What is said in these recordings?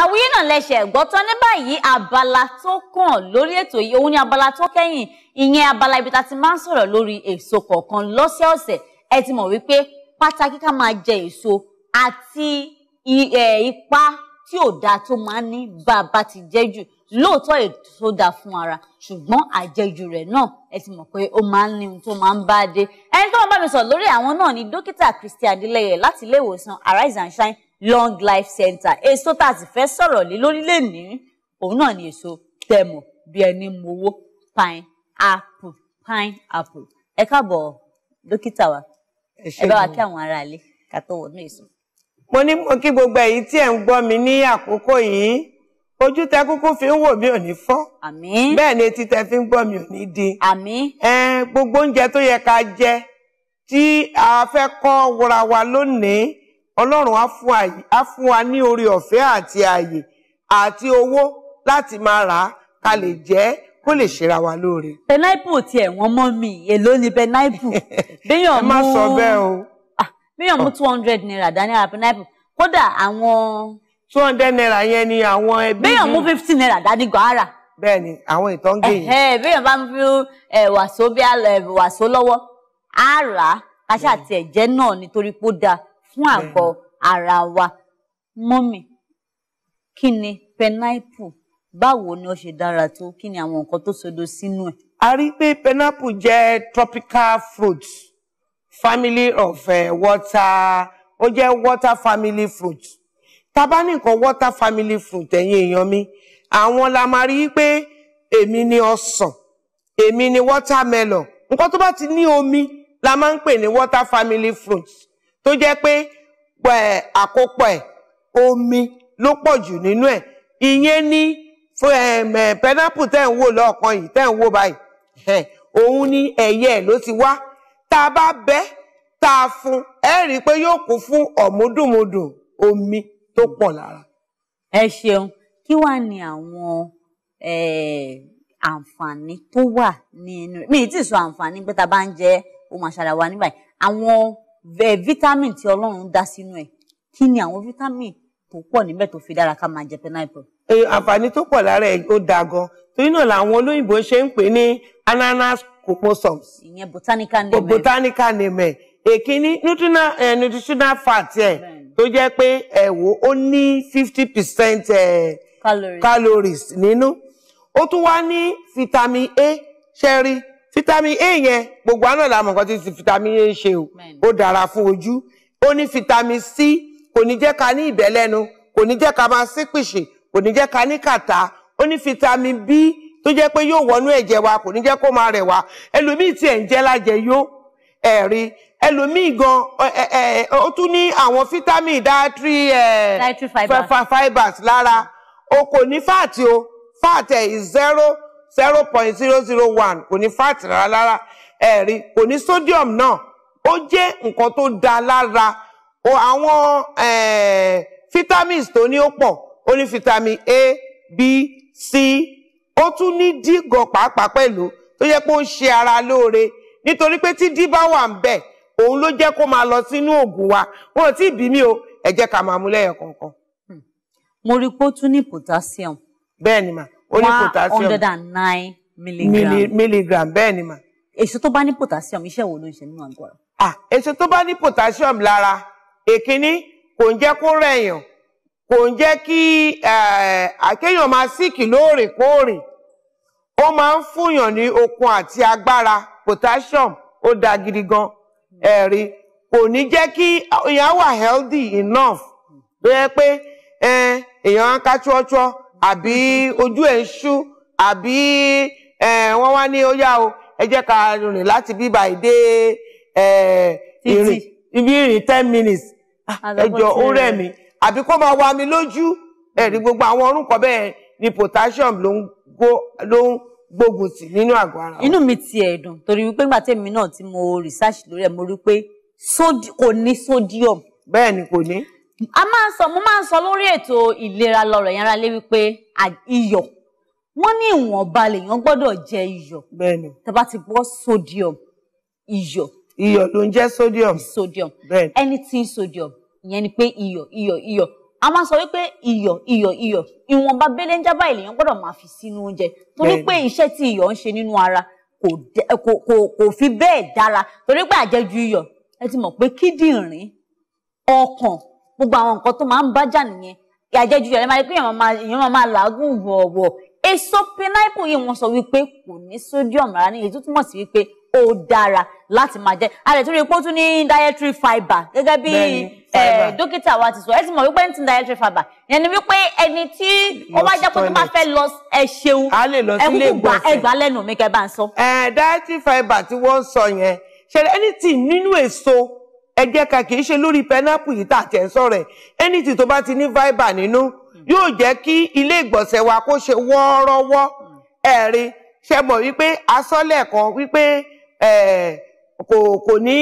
àwíyé náà lẹsẹ̀ gbọ́ tán ní báyìí abala tó kàn lórí ètò yìí òun ni abala tó kẹ́yìn ìyẹn abala ibi tá a ti máa ń sọ̀rọ̀ lórí èso kọ̀ọ̀kan lọ́sẹ̀ọ̀sẹ̀ ẹ ti mọ̀ wípé pàtàkì ká máa jẹ èso àti ipa tí ò dáa tó máa ń ní bá a bá ti jẹ jù lóòótọ́ ètò tó fún ara ṣùgbọ́n àjẹjù rẹ̀ náà ẹ ti mọ̀ pé ó máa ń ní ohun tó máa ń bá a dé ẹni tó máa bá mi sọ̀rọ̀ lórí àwọn náà ni dókítà Christy Adeleye láti ilé ìwòsàn Arise and Shine long life center èso tá a sì fẹ́ sọ̀rọ̀ lé lórí lénìí òun náà ni èso tẹ̀mọ̀ bí ẹni mowó pine apple pine apple ẹ káàbọ̀ dókítà wa ẹ bá wa kí àwọn ará ilé ká tó wọnú èso. mo ní mo kí gbogbo èyí tí ẹ̀ ń gbọ́ mi ní àkókò yìí ojú tẹ kúkú fi ń wò mí ò ní fọ́ àmín ni etí tẹ fi ń gbọ́ mi ò ní di àmín gbogbo oúnjẹ tó yẹ ká jẹ tí a fẹ́ kọ́ wura lónìí ọlọ́run á fún wa ní orí ọ̀fẹ́ àti ààyè àti owó láti máa rà á ká lè jẹ́ kó lè ṣera wa lóore. pẹnáìpù tiẹ̀ wọ́n mọ́ mi èló ni pẹnáìpù. ẹ má sọ bẹ́ẹ̀ o. béèyàn mú two hundred naira dání ara pẹnáìpù kódà àwọn. two hundred naira yẹn ni àwọn ẹbí. béèyàn mú fifty naira dání gọ́ara. bẹ́ẹ̀ni àwọn ìtàn gé yẹn. béèyàn bá ń fi wàsó bí wàsó lọ́wọ́ tiẹ̀ jẹ́ náà nítorí pé dáa fún àgọ́ ara wa mọ́mì kí ni pineapple báwo ni ó ṣe dára tó kí ni àwọn nǹkan tó sodo sínú ẹ̀. a rí i pé pineapple jẹ́ tropical fruit family of uh, water ó jẹ́ water family fruit tá a bá ní nǹkan water family fruit ẹ̀yin èèyàn mi àwọn la máa rí i pé èmi ni ọsàn èmi ni watermelon nǹkan tó bá ti ní omi la máa ń pè ní water family fruits tó jẹ́ pé àkópọ̀ ẹ̀ omi ló pọ̀ jù nínú ẹ̀ ìyẹn ní pineapple tẹ́ ń wò lọ́ọ̀kan yìí tẹ́ ń wò báyìí òun ni ẹ̀yẹ ẹ̀ ló ti wá tá a bá bẹ́ tá a fún ẹ rí i pé yóò kún fún ọ̀múdùmúdùn omi tó pọ̀ lára. ẹ ṣeun kí wàá ní àwọn àǹfààní tó wà nínú mi ì tí ì sọ àǹfààní pé tá bá ń jẹ ó máa ṣàlàwà nígbà àwọn vitamin tí ọlọ́run dá sínú ẹ̀ kí ni àwọn vitamin tó pọ̀ níbẹ̀ tó fi dára ká máa jẹ pineapple. àǹfààní tó pọ̀ lára ẹ̀ ó dáa gan torí náà làwọn olóyìnbó ṣe ń pè ní ananas coposoms. ìyẹn botanical name ẹ̀. botanical name ẹ̀ èkíní nutritional fat ẹ̀ tó jẹ́ pé ẹ̀wò ó ní fifty percent calories nínú ó tún wá ní vitamin A ṣẹ́rí vitamin A yẹn gbogbo àná làmọ̀ nǹkan tí vitamin A ń ṣe o ó dára fún ojú ó ní vitamin C kò ní jẹ́ ká ní ìbẹ́ lẹ́nu kò ní jẹ́ ká máa sí pìṣì kò ní jẹ́ ká ní kàtá ó ní vitamin B tó jẹ́ pé yóò wọnú ẹ̀jẹ̀ wa kò ní jẹ́ kó máa rẹ̀ wá ẹlòmíì tí ẹ̀ ń jẹ́ lájẹ yó ẹ̀rí ẹlòmíì gan ó tún ní àwọn vitamin dietary fibers lára o kò ní fáàtì o fáàtì is zero zero point zero zero one kò ní fat rárá lára ẹ̀rí kò ní sodium náà ó jẹ́ nǹkan tó da lára àwọn vitamins tó ní ó pọ̀ ó ní vitamin A B C ó tún ní D gan pàápàá pẹ̀lú tó yẹ pé ó ń ṣe ara lóore nítorí pé tí D bá wà ń bẹ̀ òun ló jẹ́ kó máa lọ sínú oògùn wa wọn ò tí ì bí mi o ẹ jẹ́ ká máa mú lẹ́yọ̀ kọ̀ọ̀kan. Hmm. mo rí pé ó tún ní potassium. bẹ́ẹ̀ ni one hundred and nine milligram milligram bẹ́ẹ̀ ni mà. èso tó bá ní potassium iṣẹ́ wo ló ń ṣe nínú àgọ́ rẹ̀. à èso tó bá ní potassium lára èkíní kò ń jẹ́ kó rẹ̀yàn kò ń jẹ́ kí àkéèyàn eh, máa síkì lóòrèkóòrè ó máa ń fúnyàn ní okun àti agbára potassium ó da gidi gan ẹ̀rí kò ní jẹ́ kí èèyàn wà healthy enough tó yẹ pé eh, èèyàn á ká tíọ́tíọ́ àbí ojú ẹ̀ ń ṣú àbí wọ́n wá ní ó o ẹ jẹ́ ká rìn láti bíbá ìdé ìrìn ibi ìrìn ten minutes ah, ẹjọ́ ó rẹ̀ mí àbí kó máa wá mi lójú ẹ̀rí gbogbo àwọn orúnkọ bẹ́ẹ̀ ni potassium ló ń gbógun tì nínú àgọ́ ara wa. inú mi ti ẹ̀ dùn torí wípé nígbà tèmi náà tí mo research lórí ẹ̀ mo rí pé kò ní sodium. bẹ́ẹ̀ ni kò ní a máa ń sọ mo máa ń sọ lórí ètò ìlera lọ́rọ̀ yẹn ara lé wípé iyọ̀ wọ́n ní ìwọ̀nba lèèyàn gbọ́dọ̀ jẹ iyọ̀ bẹ́ẹ̀ni tẹ́bá ti gbọ́ sodium iyọ̀ iyọ̀ ló ń jẹ́ sodium sodium bẹ́ẹ̀ni anything sodium ìyẹn ni pé iyọ̀ iyọ̀ iyọ̀ a máa sọ wípé iyọ̀ iyọ̀ iyọ̀ ìwọ̀nba belenja báyìí lèèyàn gbọ́dọ̀ máa fi sínú oúnjẹ torí pé iṣẹ́ tí iyọ̀ ń ṣe nínú ara kò kò kò fi bẹ́ẹ̀ dára torí pé àjẹjù iyọ̀ ẹ ti mọ̀ pé kíndìnrín ọkàn gbogbo àwọn nǹkan tó máa ń bájà nìyẹn àjẹjù yẹn máa rí pé èèyàn máa máa làágùn wọ̀ọ̀wọ̀ èso pinápù yìí wọ́n sọ wípé kò ní sodium rárá ní èyí tó túmọ̀ sí wípé ó dára láti máa jẹ a lè tún rí i pé ó tún ní dietary fibre gẹ́gẹ́ bí dókítà wa ti sọ ẹ ti mọ̀ wípé ní ti dietary fibre yẹn ni wípé ẹni tí ó bá jẹ́ pé tó bá fẹ́ lọ ẹ ṣeun ẹ kúkú gbà ẹ gbà lẹ́nu mi kẹ́ bá ń sọ. dietary fibre tí wọ́n ń sọ yẹn ṣe anything nínú èso ẹ jẹ́ ká kì í ṣe lórí pẹ́nápù yìí tà tẹ̀ ń sọ̀rọ̀ ẹ̀ ẹnìtì tó bá ti ní fibre nínú yóò jẹ́ kí ilé ìgbọ̀nsẹ̀ wa kó ṣe wọ́ọ́rọ́wọ́ ẹ̀rí ṣe mọ̀ wípé asọ́lẹ̀ kan wípé kò kò ní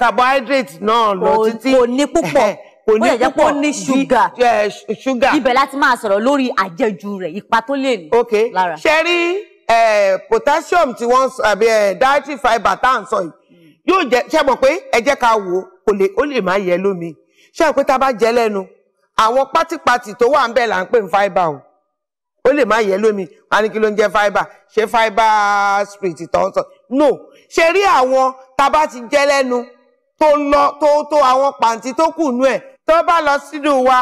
carbohydrate náà lọ títí kò ní púpọ̀ kò ní púpọ̀ kò ní ṣúgà ṣúgà ibẹ̀ láti máa sọ̀rọ̀ lórí àjẹjù rẹ̀ ipa tó lè ní lára. ṣe rí potassium tí wọ́n dietary fibre tá à ń sọ yìí yóò jẹ ṣe mọ̀ pé ẹ jẹ́ ká wò ó lè ó lè má yẹ lómi ṣe mọ̀ pé tá a bá jẹ lẹ́nu àwọn pátípátì tó wà ń bẹ̀ là ń pè ní fáíbà o ó lè má yẹ lómi a ní kí ló ń jẹ fáíbà ṣé fáíbà spirit tó ń sọ no ṣe rí àwọn tá a bá ti jẹ lẹ́nu tó lọ tó tó àwọn pàǹtí tó kù nú ẹ̀ tó bá lọ sínú wa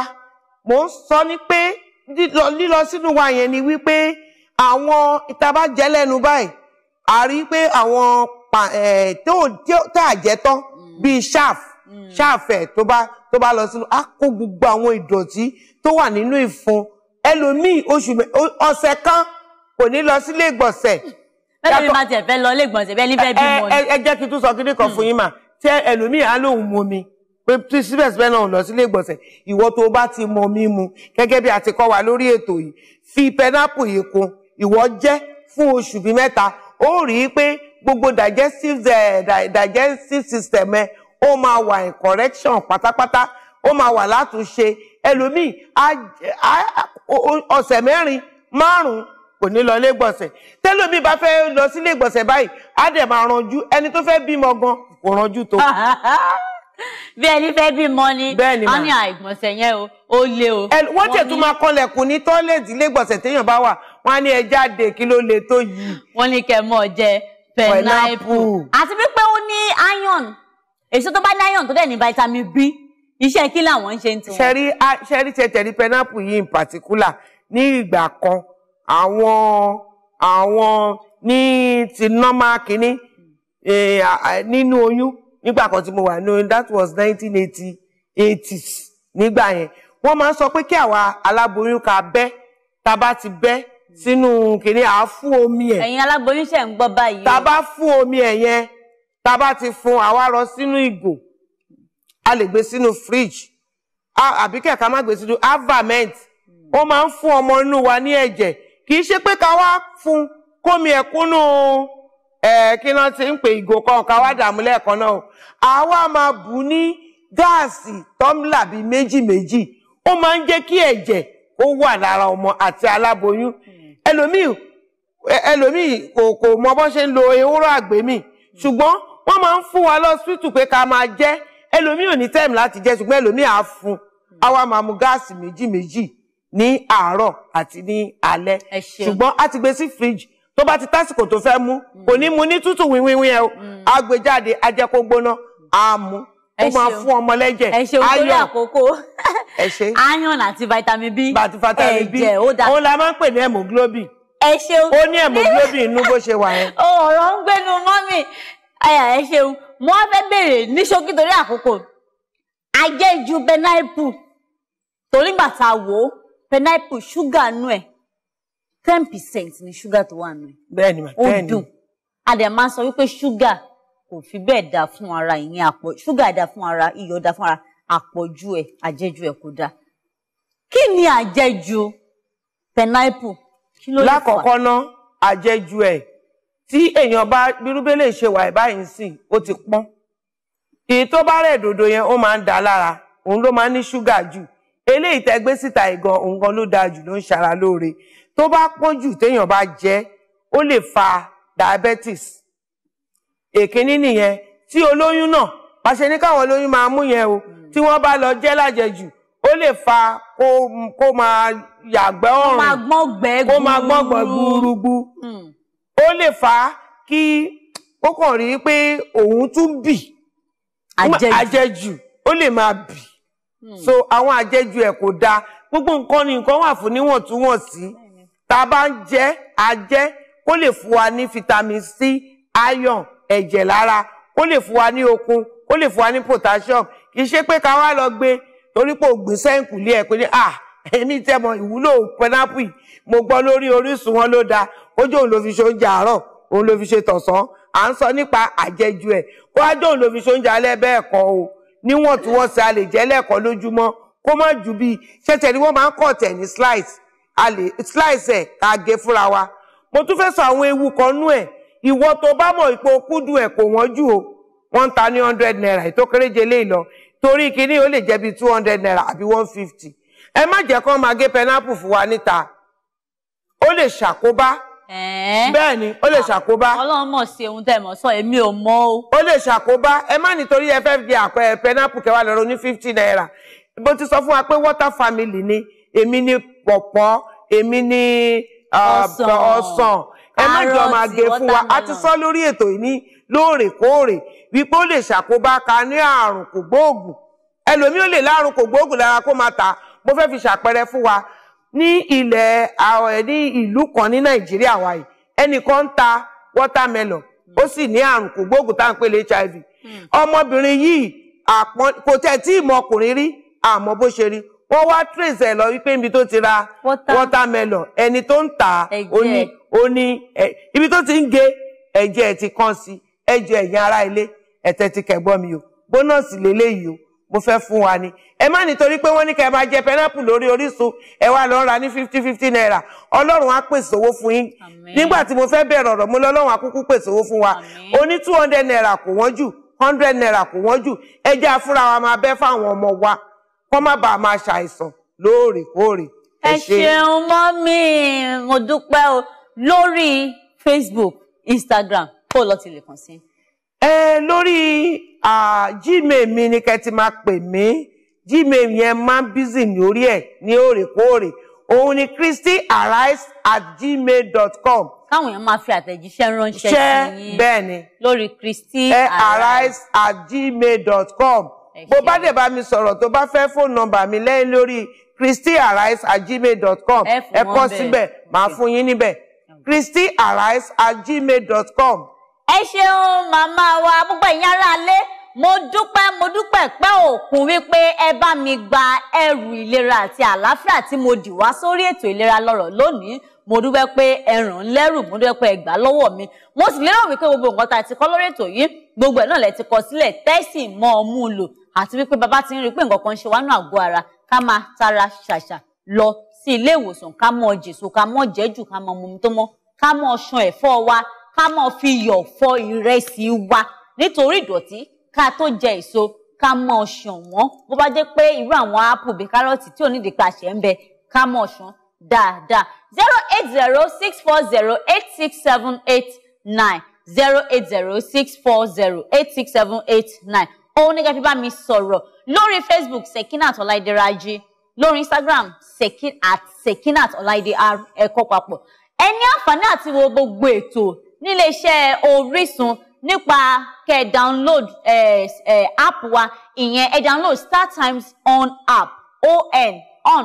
mò ń sọ ní pé lílọ sínú wa yẹn ni wípé àwọn tá a báyìí a pé àwọn tá a jẹ tán mm. bíi ṣáf mm. ṣáf ẹ̀ tó bá tó bá lọ sínú á kó gbogbo àwọn ìdọ̀tí tó wà nínú ìfun ẹlòmíì oṣù ọ̀sẹ̀ kan kò ní lọ sílé ìgbọ̀nsẹ̀. Mm. bẹ́ẹ̀ ni màá tẹ̀ fẹ́ lọ ilé ìgbọ̀nsẹ̀ bẹ́ẹ̀ ní fẹ́ bímọ ni. ẹ jẹ́ kí n tún sọ kíní kan fún yín mà tí ẹlòmíì á lóun mu omi pé síbẹ̀síbẹ̀ náà lọ sílé ìgbọ̀nsẹ̀ ìwọ tó o bá ti mọ omi mu gẹ́gẹ́ bí a ti kọ́ wa lórí ètò yìí fi pẹnápù yìí kun ìwọ jẹ́ fún oṣù bíi mẹ́ta ó rí i pé gbogbo digestive eh, digestive system ẹ ó máa wà in correction pátápátá ó máa wà látúnṣe ẹlòmíì ọ̀sẹ̀ mẹ́rin márùn-ún kò ní lọ ilé gbọ̀nsẹ̀ tẹ́lòmíì bá fẹ́ lọ sí ilé gbọ̀nsẹ̀ báyìí á dẹ̀ máa ranjú ẹni tó fẹ́ bímọ gan kò ranjú tó. bí ẹni fẹ́ bímọ ni wọ́n ní àìgbọ̀nsẹ̀ yẹn o ó lé o. wọ́n tẹ̀ tún máa kọlẹ̀kùn ní tọ́lẹ̀tì ilé gbọ̀nsẹ̀ téèyàn bá wà wọ́n á ní ẹ jáde kí ló le tó yìí. wọ́n ní kẹ́ mọ́ jẹ pineapple àti wípé ó ní iron èso tó bá ní iron tó dẹ̀ ní vitamin B iṣẹ́ kí làwọn ń ṣe ń tiwọn. ṣẹ́rí ṣẹ́rí ṣẹ̀ṣẹ̀ ní pineapple yìí in particular ní ìgbà kan àwọn àwọn ní ti normal kínní e, nínú oyún nígbà kan tí mo wà ní oyún that was nineteen eighty eighties nígbà yẹn wọ́n máa ń sọ pé kí àwa aláboyún ká bẹ́ tá a bá ti bẹ́ sínú kìnìún à fún omi ẹ̀. ẹ̀yin aláboyún ṣẹ̀ ń gbọ́ báyìí. tá a bá omi ẹ̀ yẹn tá ti fún àwa rọ sínú ìgò a lè gbé sínú fridge àbí kẹ̀kẹ́ má gbé sínú avament ó máa ń fún ọmọ wa ní ẹ̀jẹ̀ kì í ṣe pé ká wá fún kómi ẹ̀kúnnú kí náà ti ń pè kan ká wá dààmú lẹ́ẹ̀kan náà o àwa máa bù ní gáàsì tọ́mùlà bíi méjì méjì ó máa ń jẹ́ kí ẹ̀jẹ̀ ó wà lára ọmọ àti aláboyún ẹlòmíì ẹlòmíì kò kò mọ bọ́n ṣe ń lo ewúro àgbémì ṣùgbọ́n wọ́n máa ń fún wa lọ́sítù pé ká máa jẹ ẹlòmíì ò ní tẹ́ẹ̀mù láti jẹ ṣùgbọ́n ẹlòmíì á fún àwa máa mu gáàsì méjì méjì ní àárọ̀ àti ní alẹ́ ṣùgbọ́n a ti gbé sí fíríjì tó bá ti tásìkò tó fẹ́ mú kò ní mu ní tútù wíwíwí ẹ o á mm. gbé jáde á jẹ́ kó gbóná á mú ó máa fún ọmọ lẹ́jẹ̀ ayọ̀ ẹ ṣeun torí àkókò ẹ ṣe iron àti vitamin B ẹ̀jẹ̀ ó dáa òun la máa ń pè ní hemoglobin ẹ ṣeun ó ní hemoglobin inú bó ṣe wà yẹn. ọ̀rọ̀ ń gbénu mọ́mì ẹ ṣeun mo wá fẹ́ béèrè ní ṣókí torí àkókò àjẹjù pineapple torí gbà tá a ṣúgà nù ẹ̀ ten percent ni ṣúgà tó wà nù ẹ̀ bẹ́ẹ̀ ni mà ten ó dùn a dẹ̀ máa sọ wípé ṣúgà kò fi bẹ́ẹ̀ dáa fún ara ìyẹn àpọ̀ ṣúgà dáa fún ara iyọ̀ dáa fún ara àpọ̀jù ẹ̀ àjẹjù ẹ̀ kò dáa. kí ni àjẹjù pineapple kí ló lè fà? lákọ̀ọ́kọ́ ná àjẹjù ẹ̀ tí èèyàn bá birúbélé ṣe wà báyìí sìn ó ti pọ́n èyí tó bá rẹ̀ dòdò yẹn ó máa ń dà lára òun ló máa ń ní ṣúgà jù eléyìí tẹ́ gbé síta ìgan òun gan ló dáa jù ló ń ṣara lóore tó bá pọ́n jù téèyàn bá jẹ ó lè fa diabetes èkíní nìyẹn tí olóyún náà pàṣẹ ní káwọn olóyún máa mú yẹn o hmm. tí wọ́n bá lọ jẹ lájẹjù ó lè fa kó máa yàgbẹ́ ọ̀rùn kó máa gbọ̀ngbẹ̀ gbúrúgbú hmm. ó lè fa kí ó kàn rí pé òun tún bì àjẹjù ó lè máa bì hmm. so àwọn àjẹjù ẹ̀ kò dáa gbogbo nǹkan ni nǹkan wà fún níwọ̀ntúnwọ̀nsí tá a bá ń jẹ ajẹ́ kó lè fún wa ní fitamin C iron ẹ̀jẹ̀ lára kó lè fún wa ní okun kó lè fún wa ní potassium kì í ṣe pé ká wá lọ gbé torí pé ògbìn sẹ́ǹkùlé ẹ̀ pé ní à ah, èmi tẹ́mọ ìwúlò pẹ́nápì mo gbọ́ lórí Orísun wọn ló dáa ojú òun ló fi ṣe oúnjẹ àárọ̀ òun ló fi ṣe tọ̀sán à ń sọ nípa àjẹjù ẹ̀ kó wájú òun ló fi ṣe oúnjẹ alẹ́ bẹ́ẹ̀ kọ́ o níwọ̀ntúnwọ̀nsì a lè jẹ́ lẹ́ẹ̀kan lójúmọ́ kó má ju bíi ṣẹ̀ṣẹ̀ ni wọ́n máa ń kọ̀ tẹ̀ ní slice a lè slice ẹ̀ ká gé fúnra wa mo tún fẹ́ sọ àwọn ewu kan nú ẹ̀ ìwọ tó bá mọ̀ ipò kúdù ẹ̀ kò wọ́n jù o wọ́n ta ní hundred naira ètò kéréje lè lọ torí kínní ó lè jẹ́ bíi two hundred naira àbí one fifty ẹ má jẹ́ kán máa gé pineapple fún wa níta ó lè ṣàkóbá bẹ́ẹ̀ ni ó lè ṣàkóbá ọlọ́run mọ̀ sí ohun tẹ́ ẹ mọ̀ sọ èmi ò mọ̀ o. ó lè ṣàkóbá ẹ má nítorí ẹ àpẹ pineapple kẹwàá lọ́rọ̀ ní fifty naira bó ti sọ fún wa pé water family ni èmi ni pọ̀pọ̀ èmi ni ah, ọsàn ẹ má máa gé fún wa a ti sọ lórí ètò ìní lóòrèkóòrè wípé ó lè ṣàkóbá ka ní àrùn kò gbóògùn ẹlòmíì ó lè lárùn kò gbóògùn lára kó máa tà mo fẹ́ fi ṣàpẹẹrẹ fún wa ní ilẹ̀ ní ìlú kan ní nàìjíríà wa yìí ẹnìkan ń ta watermelon ó sì ní àrùn kò gbóògùn tá à ń pè lé hiv hmm. ọmọbìnrin yìí àpọn kò tẹ̀ tí ì mọ rí àmọ́ bó ṣe rí wọ́n wá trace ẹ̀ lọ wípé níbi tó ti ra watermelon ẹni tó ń tà ó ní ó ní ibi tó ti ń ge ẹ̀jẹ̀ ẹ̀ ti kán sí ẹ̀jẹ̀ ẹ̀yìn ara ilé ẹ̀tẹ̀ ti kẹ̀gbọ́n mi o bónọ́ọ̀sì lélẹ́yìí o mo fẹ́ fún wa ni ẹ má nítorí pé wọ́n ní kẹ́ ẹ máa jẹ pẹ́nápù lórí Orísun ẹ wá lọ ra ní fifty fifty naira ọlọ́run á pèsè owó fún yín nígbà tí mo fẹ́ bẹ̀rẹ̀ ọ̀rọ̀ mo lọ́lọ́run akúkú pèsè owó fún wa ó ní two hundred naira kò wọ́n jù hundred naira kò wọ́n jù ẹ jẹ́ afúnra wa máa bẹ́ fáwọn ọmọ wa kó má bàa máa ṣàìsàn lóòrèkóòrè ẹ ṣeun mọ́mí mo dúpẹ́ o lórí Facebook Instagram kó lọ ti lè kàn sí. ẹ lórí Gmail mi ni kẹ́ ti máa pè mí Gmail yẹn máa ń bízì lórí ẹ̀ ní òrèkóòrè òun ni christyarise at gmail dot com. káwọn èèyàn máa fi àtẹ̀jíṣẹ́ ránṣẹ́ sí yín bẹ́ẹ̀ ni lórí christyarise at gmail dot com bó bá dẹ̀ bá mi sọ̀rọ̀ tó bá fẹ́ fóònù nọ́mbà mi lẹ́yìn lórí christyarise at gmail dot com ẹ kọ́ síbẹ̀ màá fún yín níbẹ̀ Christyarise@gmail.com. ẹ ṣeun màmá wa púpọ̀ ìyá ara mo dúpẹ́ mo dúpẹ́ pẹ́ òkun wípé ẹ bá mi gba ẹrù ìlera àti àlàáfíà tí mo dì wá sórí ètò ìlera lọ́rọ̀ lónìí mo dúpẹ́ pé ẹ lẹ́rù mo dúpẹ́ pé ẹ lọ́wọ́ mi mo sì lérò wípé gbogbo nǹkan tá a ti kọ́ lórí ètò yìí gbogbo ẹ̀ náà lẹ ti kọ sílẹ̀ tẹ́sì mọ́ ọ mú un lò àti wípé bàbá ti ń rí i pé nǹkan kan ṣe wá nù àgọ́ ara ká máa tara ṣàṣà lọ sí ilé ìwòsàn ká mọ́ jèso ká mọ́ jẹ́jù ká mọ́ mumi tó mọ́ ká mọ ṣan ẹ̀fọ́ wa ká mọ fi yọ̀ fọ ìrẹsì wa nítorí ìdọ̀tí ká tó jẹ èso ká mọ ṣan wọn bó bá jẹ́ pé irú àwọn ápù bíi kárọ̀tì tí ò ní ìdípa ṣẹ̀ ń bẹ ká mọ ṣan dáadáa zero eight zero six four zero eight six seven eight nine zero eight zero six four zero eight six seven eight nine òun ní kẹfí bá mi sọ̀rọ̀ lórí Facebook Sekinat Ọláìdé Rájí lórí Instagram Sekinat Ọláìdé r ẹ̀kọ́ papọ̀ ẹ ní àǹfààní àti wo gbogbo ètò níléeṣẹ́ Orísun nípa kẹ ẹ download ẹ ẹ app wa ìyẹn ẹ download start times on app on on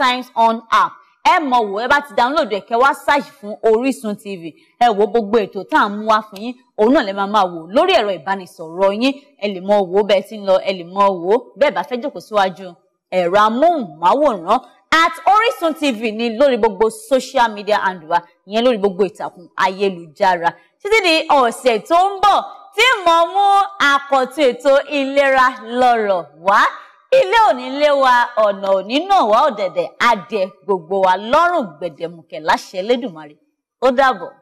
times on app ẹ mọ wò ẹ bá ti download ẹ kẹ wá search fún Orísun TV ẹ wo gbogbo ètò tá à ń mú wá fún yín òun náà lẹ máa máa wò lórí ẹ̀rọ ìbánisọ̀rọ̀ yín ẹ lè mọ wò bẹ́ẹ̀ ti ń lọ ẹ lè mọ wò bẹ́ẹ̀ bá fẹ́ jókòó síwájú ẹ̀rọ amóhùnmáwòrán at Orisun TV ni lórí gbogbo social media and wa ìyẹn lórí gbogbo ìtàkùn ayélujára títí di ọ̀sẹ̀ tó ń bọ̀ tí mo mú àkọ́tún ètò ìlera lọ́rọ̀ wá ilé òní lé wa ọ̀nà òní náà wá ọ̀dẹ̀dẹ̀ adẹ gbogbo wa lọ́rùn gbẹ̀dẹ̀mùkẹ̀ láṣẹ Elédùmarè ó dàbọ̀.